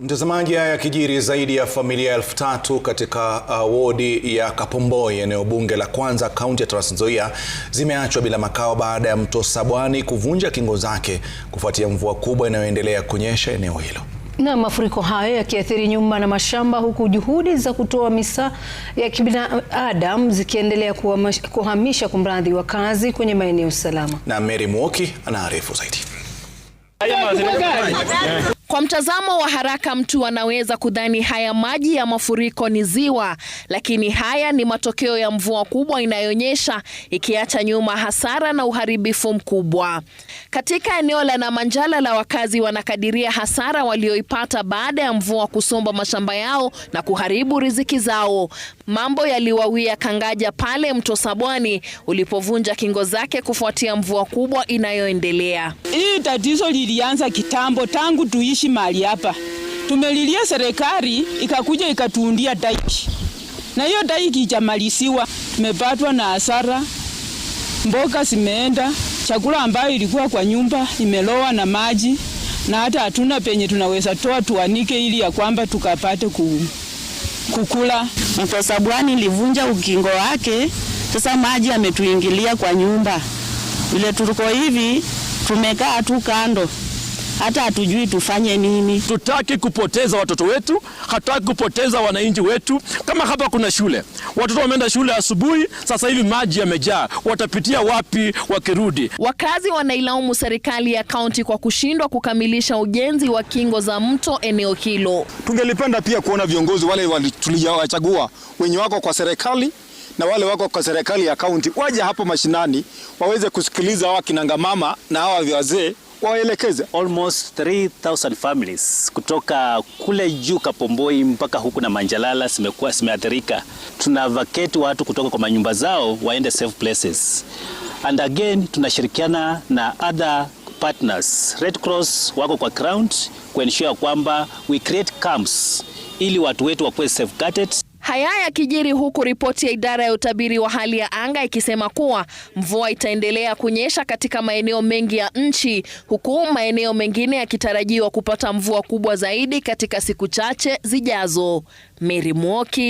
Mtazamaji, haya yakijiri, zaidi ya familia elfu tatu katika uh, wodi ya Kapomboi eneo bunge la Kwanza kaunti ya Trans Nzoia zimeachwa bila makao baada ya mto Sabwani kuvunja kingo zake kufuatia mvua kubwa inayoendelea kunyesha eneo hilo. Na mafuriko hayo yakiathiri nyumba na mashamba huku juhudi za kutoa misa ya kibinadamu zikiendelea kuhamisha kumradhi wakazi kwenye maeneo salama. Na Mary Mwoki anaarifu zaidi. Kwa mtazamo wa haraka, mtu anaweza kudhani haya maji ya mafuriko ni ziwa, lakini haya ni matokeo ya mvua kubwa inayonyesha, ikiacha nyuma hasara na uharibifu mkubwa. Katika eneo la Namanjala la wakazi wanakadiria hasara walioipata baada ya mvua kusomba mashamba yao na kuharibu riziki zao. Mambo yaliwawia Kangaja pale mto Sabwani ulipovunja kingo zake kufuatia mvua kubwa inayoendelea. Hii tatizo lilianza kitambo tangu tuishi tunaishi mahali hapa. Tumelilia serikali ikakuja ikatuundia daiki, na hiyo daiki ijamalisiwa. Tumepatwa na hasara, mboga zimeenda, chakula ambayo ilikuwa kwa nyumba imelowa na maji, na hata hatuna penye tunaweza toa tuanike ili ya kwamba tukapate ku, kukula. Mkosabwani ilivunja ukingo wake, sasa maji ametuingilia kwa nyumba, vile tuko hivi tumekaa tu kando hata hatujui tufanye nini. Tutaki kupoteza watoto wetu, hatutaki kupoteza wananchi wetu. Kama hapa kuna shule, watoto wameenda shule asubuhi, sasa hivi maji yamejaa, watapitia wapi wakirudi? Wakazi wanailaumu serikali ya kaunti kwa kushindwa kukamilisha ujenzi wa kingo za mto eneo hilo. Tungelipenda pia kuona viongozi wale tuliowachagua wenye wako kwa serikali na wale wako kwa serikali ya kaunti waje hapo mashinani waweze kusikiliza hawa kinangamama na hawa wazee waelekeze almost 3000 families kutoka kule juu Kapomboi mpaka huku na Manjalala zimekuwa zimeathirika. Tuna vacate watu kutoka kwa manyumba zao waende safe places, and again tunashirikiana na other partners. Red Cross wako kwa ground kuensure kwamba we create camps ili watu wetu wakuwe safeguarded Haya yakijiri huku ripoti ya idara ya utabiri wa hali ya anga ikisema kuwa mvua itaendelea kunyesha katika maeneo mengi ya nchi, huku maeneo mengine yakitarajiwa kupata mvua kubwa zaidi katika siku chache zijazo. Mary Mwoki